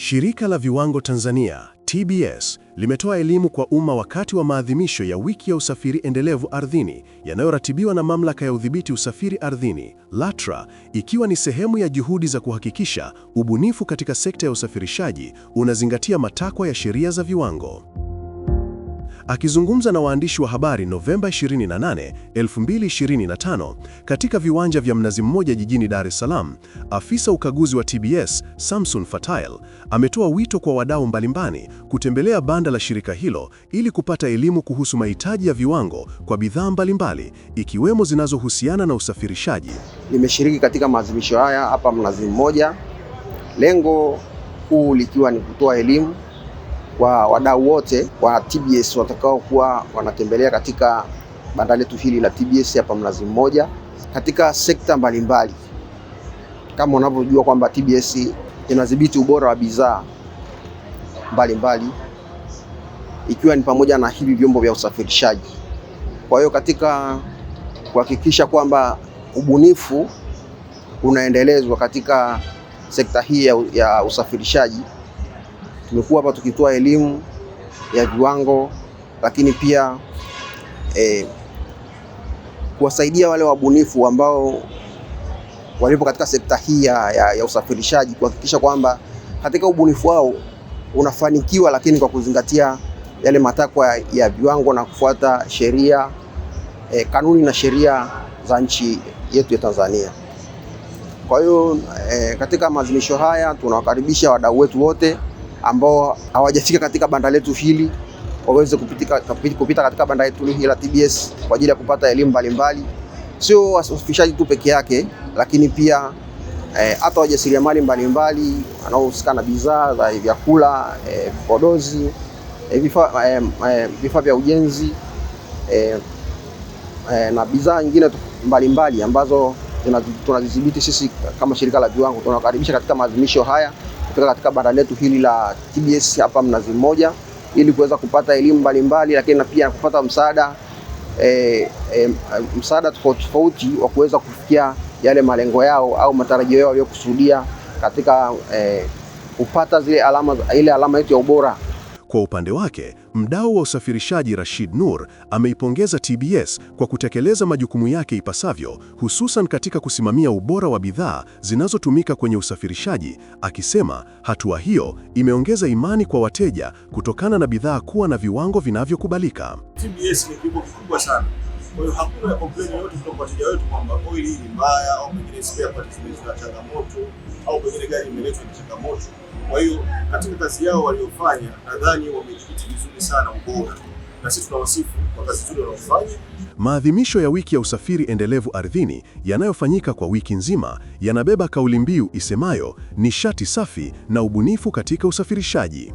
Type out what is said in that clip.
Shirika la Viwango Tanzania TBS limetoa elimu kwa umma wakati wa maadhimisho ya wiki ya usafiri endelevu ardhini yanayoratibiwa na Mamlaka ya Udhibiti Usafiri Ardhini LATRA, ikiwa ni sehemu ya juhudi za kuhakikisha ubunifu katika sekta ya usafirishaji unazingatia matakwa ya sheria za viwango. Akizungumza na waandishi wa habari Novemba 28, 2025 katika viwanja vya Mnazi Mmoja jijini Dar es Salaam, afisa ukaguzi wa TBS Samson Fatail, ametoa wito kwa wadau mbalimbali kutembelea banda la shirika hilo ili kupata elimu kuhusu mahitaji ya viwango kwa bidhaa mbalimbali ikiwemo zinazohusiana na usafirishaji. Nimeshiriki katika maadhimisho haya hapa Mnazi Mmoja, lengo kuu likiwa ni kutoa elimu kwa wadau wote wa TBS watakao kuwa wanatembelea katika banda letu hili la TBS hapa Mnazi Mmoja katika sekta mbalimbali mbali. Kama unavyojua kwamba TBS inadhibiti ubora wa bidhaa mbalimbali ikiwa ni pamoja na hivi vyombo vya usafirishaji. Kwa hiyo katika kuhakikisha kwamba ubunifu unaendelezwa katika sekta hii ya usafirishaji tumekuwa hapa tukitoa elimu ya viwango, lakini pia eh, kuwasaidia wale wabunifu ambao walipo katika sekta hii ya, ya, ya usafirishaji kuhakikisha kwamba katika ubunifu wao unafanikiwa, lakini kwa kuzingatia yale matakwa ya viwango na kufuata sheria eh, kanuni na sheria za nchi yetu ya Tanzania. Kwa hiyo eh, katika maadhimisho haya tunawakaribisha wadau wetu wote ambao hawajafika katika banda letu hili waweze kupita, kupita katika banda letu hili la TBS kwa ajili ya kupata elimu mbalimbali, sio wasafishaji tu peke yake, lakini pia eh, hata e, wajasiriamali mbalimbali wanaohusika na bidhaa za vyakula, e, eh, podozi e, eh, vifaa e, vya ujenzi e, e, na bidhaa nyingine mbalimbali ambazo tunazidhibiti sisi kama shirika la viwango tunawakaribisha katika maadhimisho haya kufika katika bara letu hili la TBS hapa Mnazi Mmoja ili kuweza kupata elimu mbalimbali, lakini na pia kupata msaada e, e, msaada tofauti tofauti wa kuweza kufikia yale malengo yao au matarajio yao waliokusudia katika e, kupata zile alama ile alama yetu ya ubora. Kwa upande wake, mdau wa usafirishaji Rashid Nur ameipongeza TBS kwa kutekeleza majukumu yake ipasavyo, hususan katika kusimamia ubora wa bidhaa zinazotumika kwenye usafirishaji, akisema hatua hiyo imeongeza imani kwa wateja kutokana na bidhaa kuwa na viwango vinavyokubalika. TBS ni kikubwa sana. Kwa hiyo hakuna complaint yoyote kutoka kwa wateja wetu kwamba oil ni mbaya au pengine spare parts zina changamoto au pengine gari imeletwa na changamoto. Kwa hiyo katika kazi yao waliofanya, nadhani wamejikiti vizuri sana ubora, na sisi tunawasifu kwa kazi nzuri wanaofanya. Maadhimisho ya wiki ya usafiri endelevu ardhini yanayofanyika kwa wiki nzima yanabeba kauli mbiu isemayo nishati safi na ubunifu katika usafirishaji.